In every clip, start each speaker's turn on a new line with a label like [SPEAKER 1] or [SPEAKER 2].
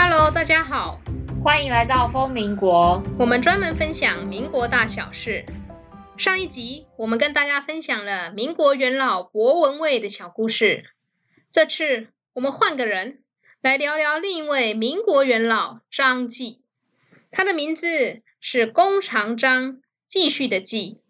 [SPEAKER 1] Hello，大家好，歡迎來到瘋民國，我們專門分享民國大小事。上一集我們跟大家分享了民國元老柏文蔚的小故事，這次我們換個人來聊聊另一位民國元老張繼，他的名字是弓長
[SPEAKER 2] 張，繼續的繼，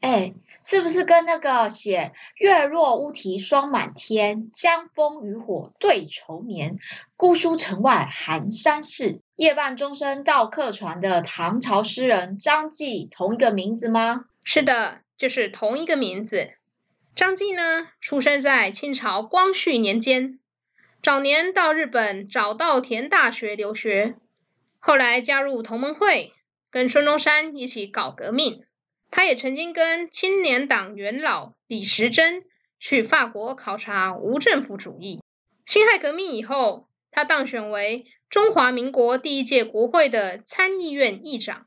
[SPEAKER 2] 哎是不是跟那個寫“月落烏啼霜滿天，江楓漁火對愁眠，姑蘇城外寒山寺，夜半鐘聲到客船”的唐朝詩人張繼同一個名字嗎？是的，就是同一個名字。張繼呢，
[SPEAKER 1] 出生在清朝光緒年間，早年到日本早稻田大學留學，後來加入同盟會，跟孫中山一起搞革命。他也曾經跟青年黨元老李時珍去法國考察無政府主義。辛亥革命以後，他當選為中華民國第一屆國會的參議院議長。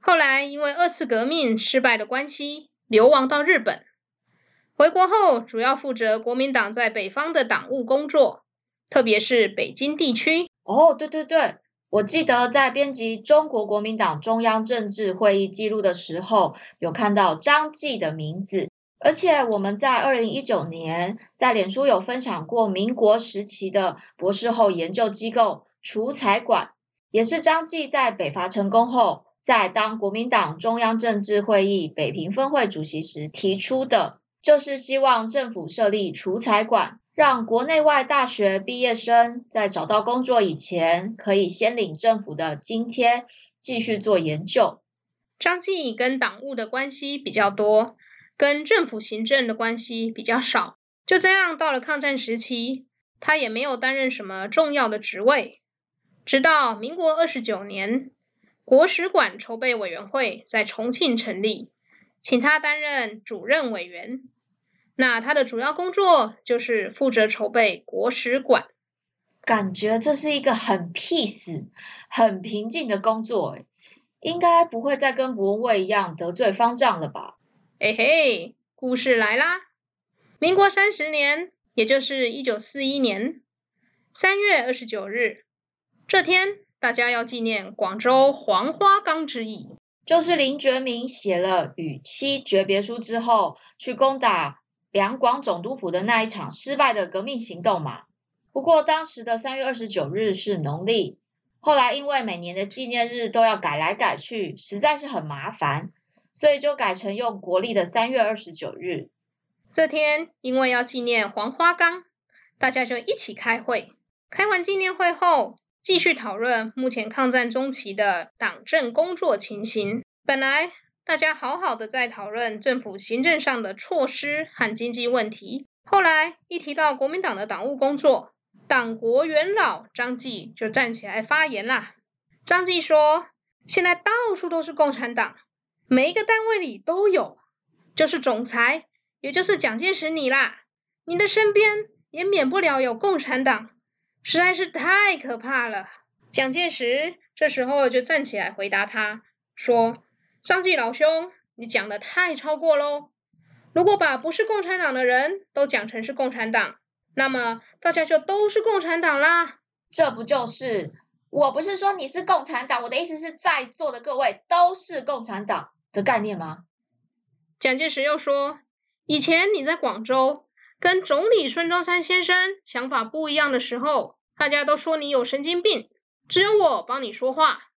[SPEAKER 1] 後來因為二次革命失敗的關係，流亡到日本。回國後，主要負責國民黨在北方的黨務工作，特別是北京地區。
[SPEAKER 2] 哦，對對對。我記得在編輯《中國國民黨中央政治會議記錄》的時候，有看到張繼的名字。而且我們在二零一九年在臉書有分享過，民國時期的博士後研究機構儲才館，也是張繼在北伐成功後，在當國民黨中央政治會議北平分會主席時提出的，就是希望政府設立儲才館。讓國內外大學畢業生在找到工作以前，可以先領政府的津貼，繼續做研究。
[SPEAKER 1] 張繼跟黨務的關係比較多，跟政府行政的關係比較少。就這樣，到了抗戰時期，他也沒有擔任什麼重要的職位。直到民國二十九年，國史館籌備委員會在重慶成立，請他擔任主任委員。那他的
[SPEAKER 2] 主要工作就是負責籌備國史館，感覺這是一個很 peace、很平靜的工作，應該不會再跟伯未一樣得罪方丈了吧？嘿嘿，故事來啦！
[SPEAKER 1] 民國三十年，也就是一九四一年三月二十九日，
[SPEAKER 2] 這天大家要紀念廣州黃花崗之役，就是林覺民寫了與妻訣別書之後去攻打。兩廣總督府的那一場失敗的革命行動嘛，不過當時的三月二十九日是農曆，後來因為每年的紀念日都要改來改去，實在是很麻煩，所以就改成用國曆的三月二十九日。這天
[SPEAKER 1] 因為要紀念黃花崗，大家就一起開會。開完紀念會後，繼續討論目前抗戰中期的黨政工作情形。本來。大家好好的在討論政府行政上的措施和經濟問題。後來一提到國民黨的黨務工作，黨國元老張繼就站起來發言了。張繼說：“現在到處都是共產黨，每一個單位裡都有，就是總裁，也就是蔣介石你啦，你的身邊也免不了有共產黨，實在是太可怕了。”蔣介石這時候就站起來回答他說。張繼老兄，你講的太超過嘍！如果把不是共產黨的人都講成是共產黨，那麼大家就都是共產黨啦。這不就
[SPEAKER 2] 是……我不是說你是共產黨，我的意思是在座的各位都是共產黨的概念嗎？
[SPEAKER 1] 蔣介石又說，以前你在廣州跟總理孫中山先生想法不一樣的時候，大家都說你有神經病，只有我幫你說話。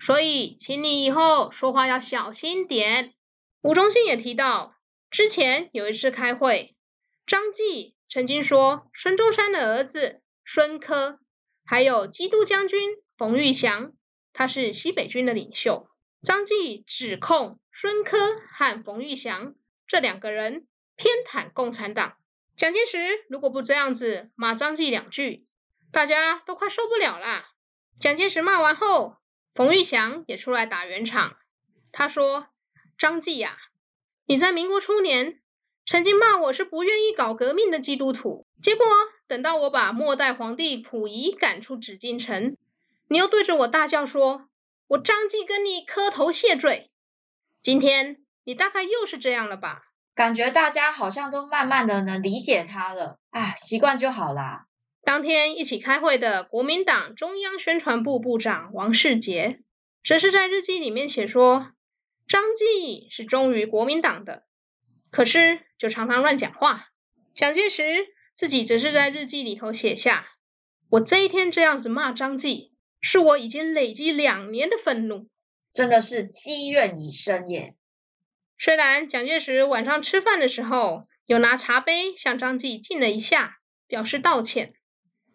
[SPEAKER 1] 所以，請你以後說話要小心點。吳忠信也提到，之前有一次開會，張繼曾經說孫中山的兒子孫科，還有基督將軍馮玉祥，他是西北軍的領袖。張繼指控孫科和馮玉祥這兩個人偏袒共產黨。蔣介石如果不這樣子罵張繼兩句，大家都快受不了了。蔣介石罵完後。馮玉祥也出來打圓場，他說：“張繼呀、啊，你在民國初年曾經罵我是不願意搞革命的基督徒，結果等到我把末代皇帝溥儀趕出紫禁城，你又對着我大叫說‘我張繼跟你磕頭謝罪’，今天你大概又是這樣了吧？感覺大家好像都慢慢的能理解他了，啊，習慣就好啦。”當天一起開會的國民黨中央宣傳部部長王世杰，則是在日記裡面寫說：“張繼是忠於國民黨的，可是就常常亂講話。”蔣介石自己則是在日記裡頭寫下：“我這一天這樣子罵張繼，是我已經累積兩年的憤怒，真的是積怨已深耶。”雖然蔣介石晚上吃飯的時候有拿茶杯向張繼敬了一下，表示道歉。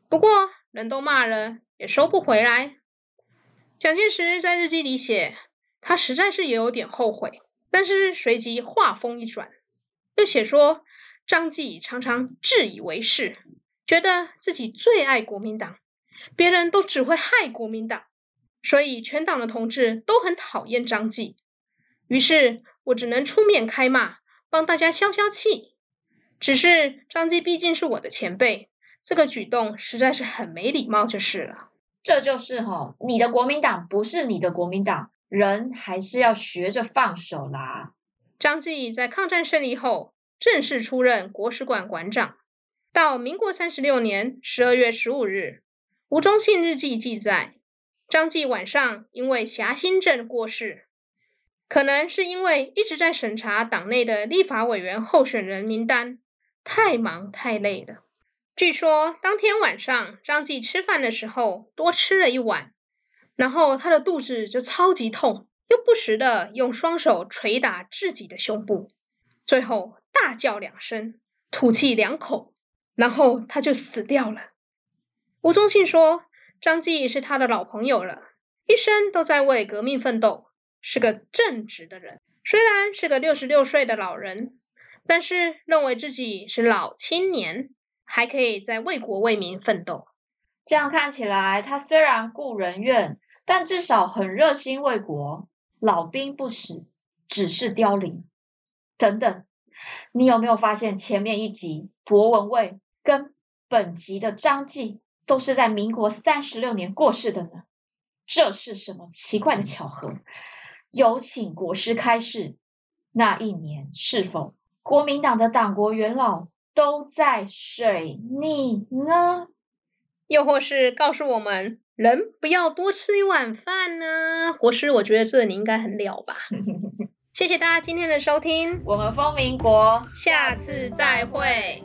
[SPEAKER 1] 不過，人都罵了，也收不回來。蔣介石在日記裡寫，他實在是也有點後悔，但是隨即話鋒一轉，又寫說：“張繼常常自以為是，覺得自己最愛國民黨，別人都只會害國民黨，所以全黨的同志都很討厭張繼。於是，我只能出面開罵，幫大家消消氣。只是
[SPEAKER 2] 張繼畢竟是我的前輩。”這個舉動實在是很沒禮貌，就是了。這就是吼你的國民黨不是你的國民黨，人還是要學着放手啦。張繼在抗戰勝利後正式出任國史
[SPEAKER 1] 館館長，到民國三十六年十二月十五日，吳忠信日記記載，張繼晚上因為狹心症過世，可能是因為一直在審查黨內的立法委員候選人名單，太忙太累了。據說當天晚上，張繼吃飯的時候多吃了一碗，然後他的肚子就超級痛，又不時的用雙手捶打自己的胸部，最後大叫兩聲，吐氣兩口，然後他就死掉了。吳宗慶說，張繼是他的老朋友了，一生都在為革命奮鬥，是個正直的人。雖然是個六十六歲的老人，但是認為自己是老
[SPEAKER 2] 青年。還可以在為國為民奮鬥，這樣看起來，他雖然故人怨，但至少很熱心為國。老兵不死，只是凋零。等等，你有沒有發現前面一集柏文蔚跟本集的張繼都是在民國三十六年過世的呢？這是什麼奇怪的巧合？有請國師開示，那一年是否國民黨的黨國元老都在水逆呢，又或是告訴我們，
[SPEAKER 1] 人不要多吃一碗飯呢、啊？國師，我覺得這你應該很了吧？ 謝謝大家今天的收聽，我們瘋民國，下次再會。